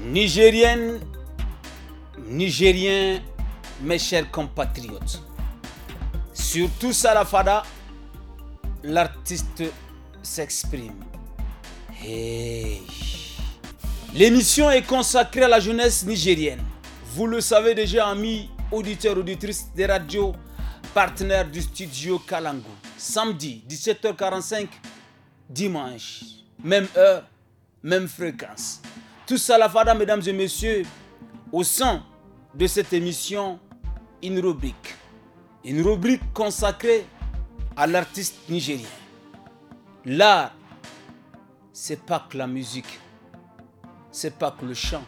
Nigérienne, Nigérien, mes chers compatriotes, surtout Salafada, l'artiste s'exprime. L'émission est consacrée à la jeunesse nigérienne. Vous le savez déjà, amis auditeurs, auditrices des radios partenaires du studio Kalangu. Samedi, 17h45, dimanche, même heure, même fréquence. Tout ça, la fada, mesdames et messieurs, au sein de cette émission, une rubrique. Une rubrique consacrée à l'artiste nigérien. L'art, c'est pas que la musique, c'est pas que le chant,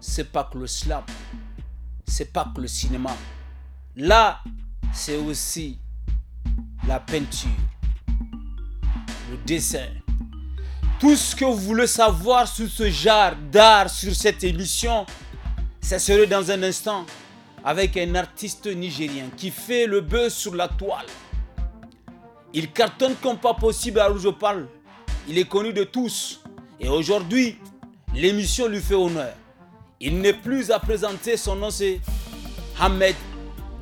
c'est pas que le slap, c'est pas que le cinéma. Là, c'est aussi la peinture, le dessin, tout ce que vous voulez savoir sur ce genre d'art, sur cette émission, ça serait dans un instant avec un artiste nigérien qui fait le buzz sur la toile. Il cartonne comme pas possible à où je parle. Il est connu de tous. Et aujourd'hui, l'émission lui fait honneur. Il n'est plus à présenter, son nom c'est Ahmed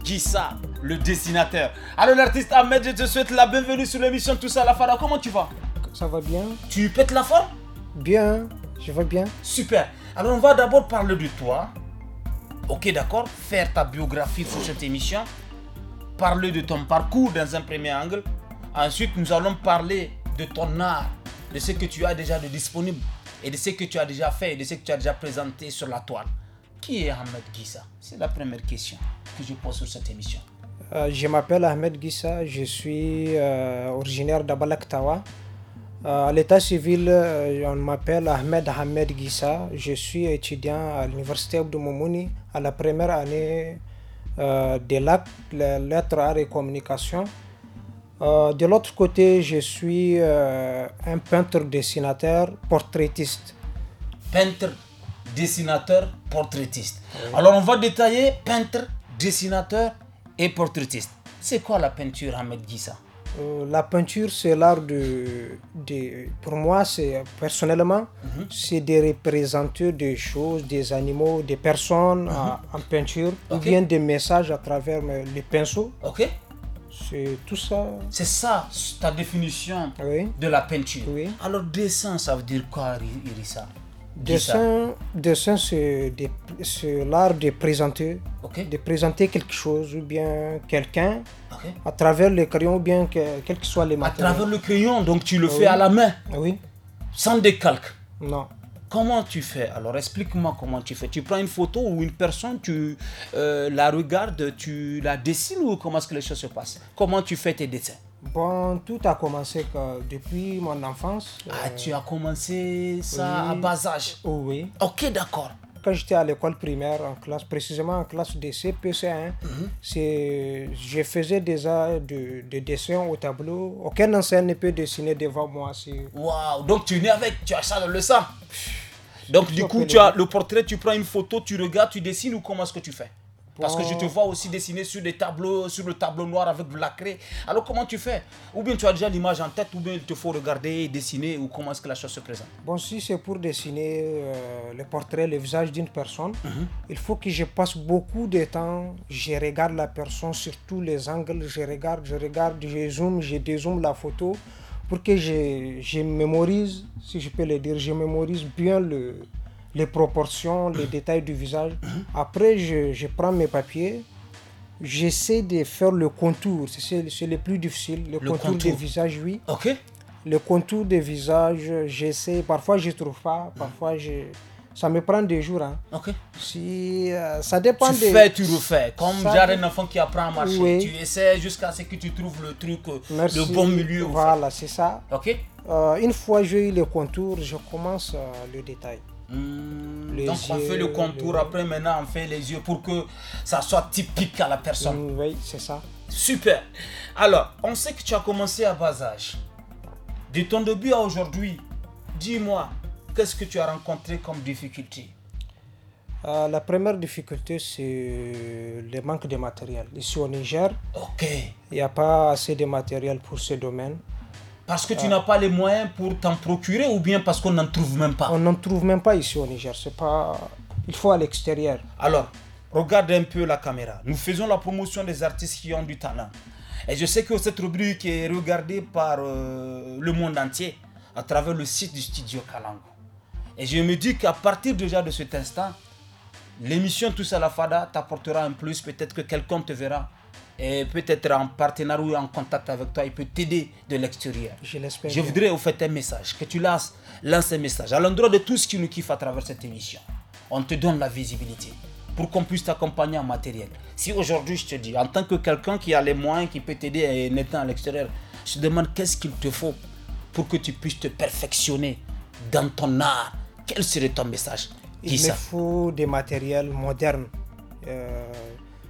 Gissa, le dessinateur. Alors l'artiste Ahmed, je te souhaite la bienvenue sur l'émission Tout ça Comment tu vas ça va bien Tu pètes la forme Bien, je vais bien. Super. Alors on va d'abord parler de toi. Ok, d'accord. Faire ta biographie sur cette émission. Parler de ton parcours dans un premier angle. Ensuite, nous allons parler de ton art, de ce que tu as déjà de disponible et de ce que tu as déjà fait et de ce que tu as déjà présenté sur la toile. Qui est Ahmed Gissa C'est la première question que je pose sur cette émission. Euh, je m'appelle Ahmed Gissa, je suis euh, originaire d'Abalaktawa. Euh, à l'état civil, euh, on m'appelle Ahmed Ahmed Gissa. Je suis étudiant à l'université Moumouni à la première année euh, l'acte, lettres, arts et communications. de l'autre côté, je suis un peintre, dessinateur, portraitiste. Peintre, dessinateur, portraitiste. Alors on va détailler peintre, dessinateur et portraitiste. C'est quoi la peinture Ahmed Gissa euh, la peinture, c'est l'art de, Pour moi, c'est personnellement, mhm. c'est de représenter des choses, des animaux, des personnes en, mhm. peinture, ou bien des messages à travers euh, les pinceaux. Ok. C'est tout ça. C'est ça, ta définition de la peinture. Oui. Alors, dessin, ça veut dire quoi, Irissa Dessin, dessin c'est l'art de présenter, de présenter quelque chose ou bien quelqu'un à travers le crayon ou bien que, quel que soit les matériel. À travers le crayon, donc tu le ah fais à la main ah Oui. Sans décalque Non. Comment tu fais Alors explique-moi comment tu fais. Tu prends une photo ou une personne, tu euh, la regardes, tu la dessines ou comment est-ce que les choses se passent Comment tu fais tes dessins Bon, tout a commencé depuis mon enfance. Ah, euh, tu as commencé ça à bas âge oh, Oui. Ok, d'accord. Quand j'étais à l'école primaire, en classe, précisément en classe de CPC1, mhm. je faisais déjà des de dessins au tableau. Aucun enseignant ne peut dessiner devant moi. Waouh, donc tu es né avec, tu as ça dans le sang. Donc du coup, tu as le portrait, tu prends une photo, tu regardes, tu dessines ou comment est-ce que tu fais parce que je te vois aussi dessiner sur des tableaux, sur le tableau noir avec de la craie. Alors comment tu fais Ou bien tu as déjà l'image en tête, ou bien il te faut regarder, et dessiner, ou comment est-ce que la chose se présente Bon, si c'est pour dessiner euh, le portrait, le visage d'une personne, mhm. il faut que je passe beaucoup de temps. Je regarde la personne sur tous les angles, je regarde, je regarde, je zoome, je dézoome la photo pour que je mémorise, si je peux le dire, je mémorise bien le, les proportions, les détails du visage. Après, je, prends mes papiers, j'essaie de faire le contour. C'est le plus difficile. Le, contour, des visages, oui. Ok. Le contour des visages, j'essaie. Parfois, je ne trouve pas. Parfois, je... ça me prend des jours. Hein. Ok. Si, euh, ça dépend tu des... fais, tu refais. Comme un enfant qui apprend à marcher. Tu essaies jusqu'à ce que tu trouves le truc, euh, le bon milieu. Voilà, c'est ça. Ok. Euh, une fois que j'ai eu le contour, je commence le détail. Hmm, donc on fait le contour, après maintenant on fait les yeux pour que ça soit typique à la personne. oui, c'est ça. Super. Alors, on sait que tu as commencé à bas âge. De ton début à aujourd'hui, dis-moi, qu'est-ce que tu as rencontré comme difficulté euh, La première difficulté, c'est le manque de matériel. Ici au Niger, il n'y a pas assez de matériel pour ce domaine. Parce que tu n'as pas les moyens pour t'en procurer ou bien parce qu'on n'en trouve même pas On n'en trouve même pas ici au Niger. C'est pas... Il faut à l'extérieur. Alors, regarde un peu la caméra. Nous faisons la promotion des artistes qui ont du talent. Et je sais que cette rubrique est regardée par euh, le monde entier à travers le site du studio Kalango. Et je me dis qu'à partir déjà de cet instant, L'émission Tous à la Fada t'apportera un plus. Peut-être que quelqu'un te verra et peut-être en partenariat ou en contact avec toi, il peut t'aider de l'extérieur. Je l'espère. Je voudrais au fait un message, que tu lances, un message à l'endroit de tout ce qui nous kiffe à travers cette émission. On te donne la visibilité pour qu'on puisse t'accompagner en matériel. Si aujourd'hui je te dis, en tant que quelqu'un qui a les moyens, qui peut t'aider en étant à l'extérieur, je te demande qu'est-ce qu'il te faut pour que tu puisses te perfectionner dans ton art. Quel serait ton message il me faut des matériels modernes. Euh,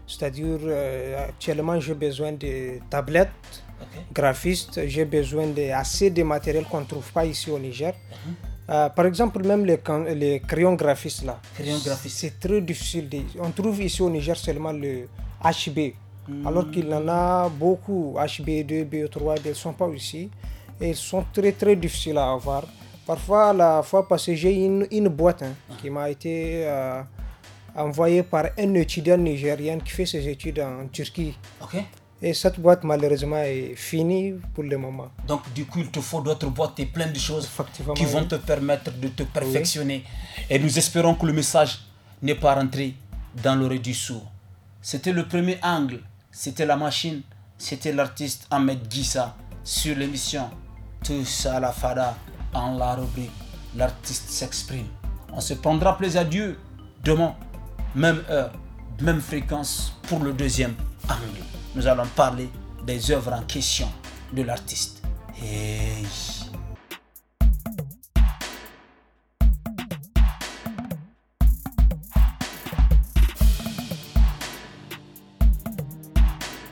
c'est-à-dire, euh, actuellement, j'ai besoin de tablettes graphistes, j'ai besoin d'assez de, de matériel qu'on ne trouve pas ici au Niger. Mhm. Euh, par exemple, même les, les crayons graphistes là. C'est très difficile. on trouve ici au Niger seulement le HB. Hmm. Alors qu'il en a beaucoup. HB2, B3, ils ne sont pas ici. Et ils sont très très difficiles à avoir. Parfois, la fois passée, j'ai une, boîte hein, qui m'a été euh, envoyée par un étudiant nigérien qui fait ses études en Turquie. Et cette boîte, malheureusement, est finie pour le moment. Donc, du coup, il te faut d'autres boîtes et plein de choses qui vont te permettre de te perfectionner. Et nous espérons que le message n'est pas rentré dans l'oreille du sourd. C'était le premier angle, c'était la machine, c'était l'artiste Ahmed Gissa sur l'émission Tous à la Fada. En la rubrique L'artiste s'exprime. On se prendra plaisir à Dieu demain, même heure, même fréquence pour le deuxième angle. Nous allons parler des œuvres en question de l'artiste.